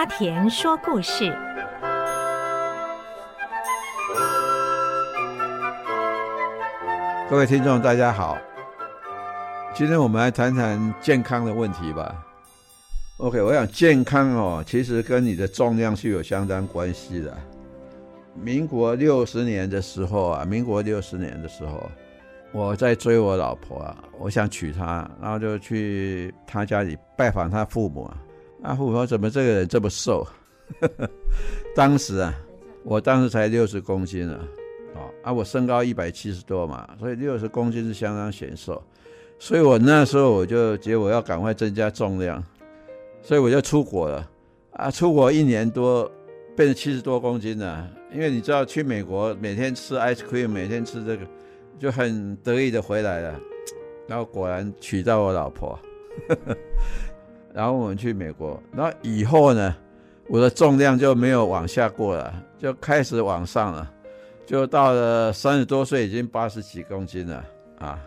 阿田說故事，各位聽眾，大家好。今天我們來談談健康的問題吧。OK，我想健康哦，其實跟你的重量是有相當關係的。民國六十年的時候啊，民國六十年的時候，我在追我老婆，啊，我想娶她，然後就去她家裡拜訪她父母。阿富婆怎麼這個人這麼瘦？” 當時啊，我當時才六十公斤啊，啊，我身高一百七十多嘛，所以六十公斤是相當顯瘦，所以我那時候我就覺得我要趕快增加重量，所以我就出國了，啊，出國一年多變成七十多公斤了，啊，因為你知道去美國每天吃 ice cream，每天吃這個，就很得意的回來了，然後果然娶到我老婆。 然後我們去美國，那以後呢，我的重量就沒有往下過了，就開始往上了，就到了三十多歲，已經八十幾公斤了啊。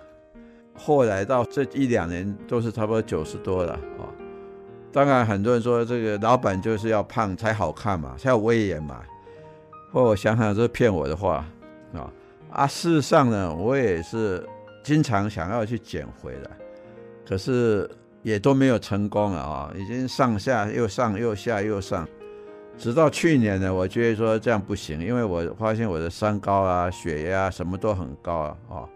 後來到這一兩年都是差不多九十多了啊、哦。當然很多人說這個老板就是要胖才好看嘛，才有威嚴嘛。或我想想這騙我的話啊啊！事實上呢，我也是經常想要去減肥的，可是。也都沒有成功了啊、哦！已經上下又上又下又上，直到去年呢，我覺得說這樣不行，因為我發現我的三高啊、血壓什麼都很高啊，哦，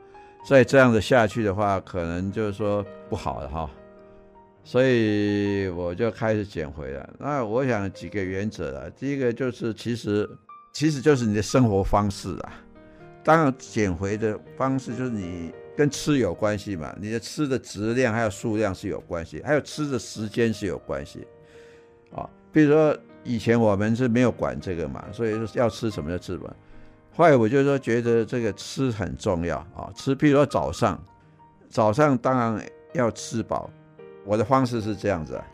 所以這樣子下去的話，可能就是說不好了、啊、哈，所以我就開始減肥了。那我想幾個原則啊，第一個就是其實其實就是你的生活方式啊，當然減肥的方式就是你。跟吃有關係嘛，你的吃的質量還有數量是有關係，還有吃的時間是有關係，啊、哦，比如說以前我們是沒有管這個嘛，所以要吃什麼就吃什麼。後來我就說覺得這個吃很重要啊、哦，吃，比如說早上，早上當然要吃飽。我的方式是這樣子、啊，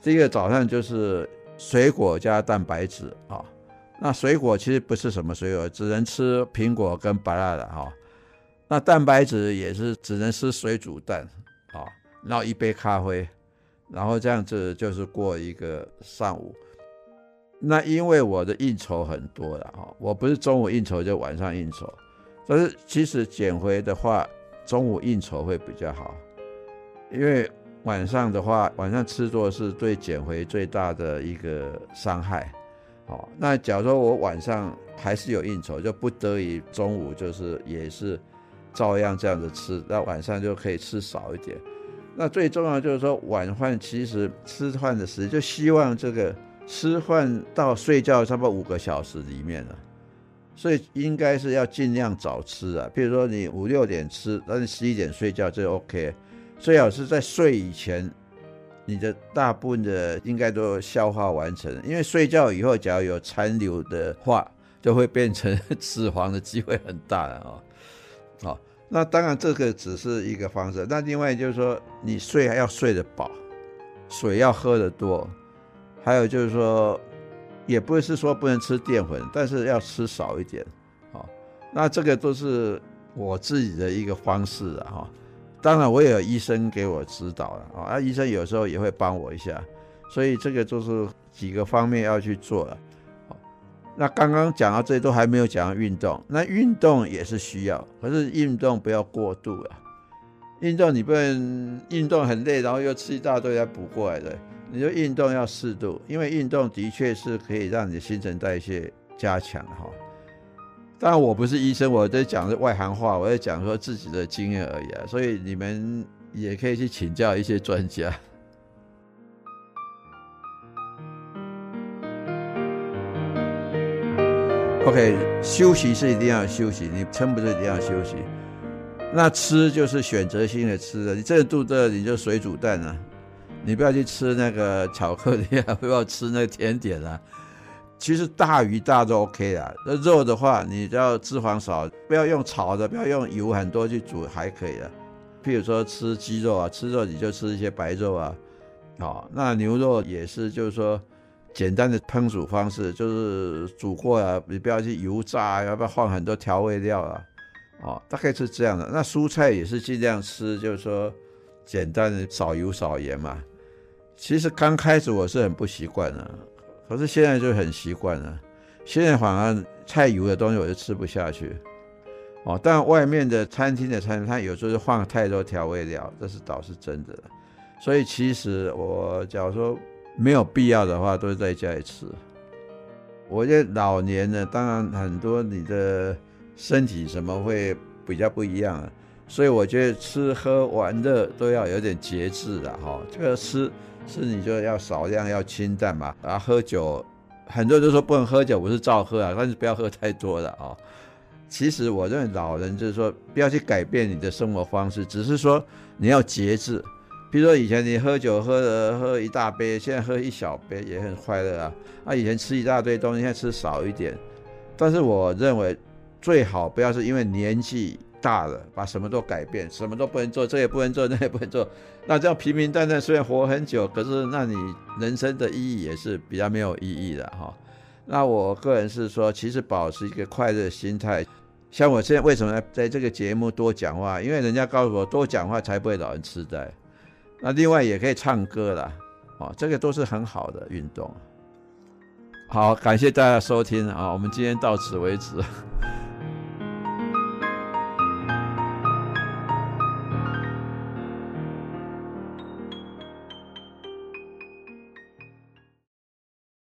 這個早上就是水果加蛋白質啊、哦。那水果其實不是什麼水果，只能吃蘋果跟芭樂哈。哦那蛋白質也是只能吃水煮蛋，啊，然後一杯咖啡，然後這樣子就是過一個上午。那因為我的應酬很多了哈，我不是中午應酬就晚上應酬，但是其實減肥的話，中午應酬會比較好，因為晚上的話，晚上吃多是對減肥最大的一個傷害。哦，那假如說我晚上還是有應酬，就不得已中午就是也是。照樣這樣子吃，那晚上就可以吃少一點。那最重要就是說，晚飯其實吃飯的時間，就希望這個吃飯到睡覺差不多五個小時裡面了啊，所以應該是要盡量早吃啊。譬如說你五六點吃，那你十一點睡覺就 OK。最好是在睡以前，你的大部分的應該都消化完成，因為睡覺以後，只要有殘留的話，就會變成脂肪的機會很大哦。啊、哦，那當然這個只是一個方式，那另外就是說，你睡還要睡得飽，水要喝得多，還有就是說，也不是說不能吃澱粉，但是要吃少一點，啊、哦，那這個都是我自己的一個方式了哈、哦，當然我也有醫生給我指導了啊，醫生有時候也會幫我一下，所以這個就是幾個方面要去做。那剛剛講到這都還沒有講到運動，那運動也是需要，可是運動不要過度啊。運動你不能運動很累，然後又吃一大堆要補過來的。你說運動要適度，因為運動的確是可以讓你新陳代謝加強哈。當然我不是醫生，我在講外行話，我在講說自己的經驗而已啊。所以你們也可以去請教一些專家。OK，休息是一定要休息，你撐不住一定要休息。那吃就是選擇性的吃的，你這肚子你就水煮蛋啊，你不要去吃那個巧克力啊，不要吃那個甜點啊。其實大魚大肉 OK 啊，那肉的話你只要脂肪少，不要用炒的，不要用油很多去煮還可以的。譬如說吃雞肉啊，吃肉你就吃一些白肉啊，啊、哦，那牛肉也是，就是說。簡單的烹煮方式就是煮過啊，你不要去油炸，要不要放很多調味料啊？哦，大概是這樣的。那蔬菜也是盡量吃，就是說簡單的少油少鹽嘛。其實剛開始我是很不習慣的，可是現在就很習慣了。現在反而菜油的東西我就吃不下去。哦，但外面的餐廳的餐，它有時候就放太多調味料，這是倒是真的。所以其實我假如說。沒有必要的話，都是在家裡吃。我覺得老年呢，當然很多你的身體什麼會比較不一樣，所以我覺得吃喝玩樂都要有點節制的哈。這、哦、個吃是你就要少量要清淡嘛，然後喝酒很多人都說不能喝酒，我是照喝啊，但是不要喝太多的哦。其實我認為老人就是說不要去改變你的生活方式，只是說你要節制。比如說以前你喝酒喝了喝一大杯，現在喝一小杯也很快樂啊。那、啊、以前吃一大堆東西，現在吃少一點。但是我認為最好不要是因為年紀大了把什麼都改變，什麼都不能做，這也不能做，那也不能做。那這樣平平淡淡雖然活很久，可是那你人生的意義也是比較沒有意義的哈。那我個人是說，其實保持一個快樂的心態。像我現在為什麼在這個節目多講話？因為人家告訴我多講話才不會老人痴呆。那另外也可以唱歌了，啊、哦，這個都是很好的運動。好，感謝大家收聽啊、哦，我們今天到此為止。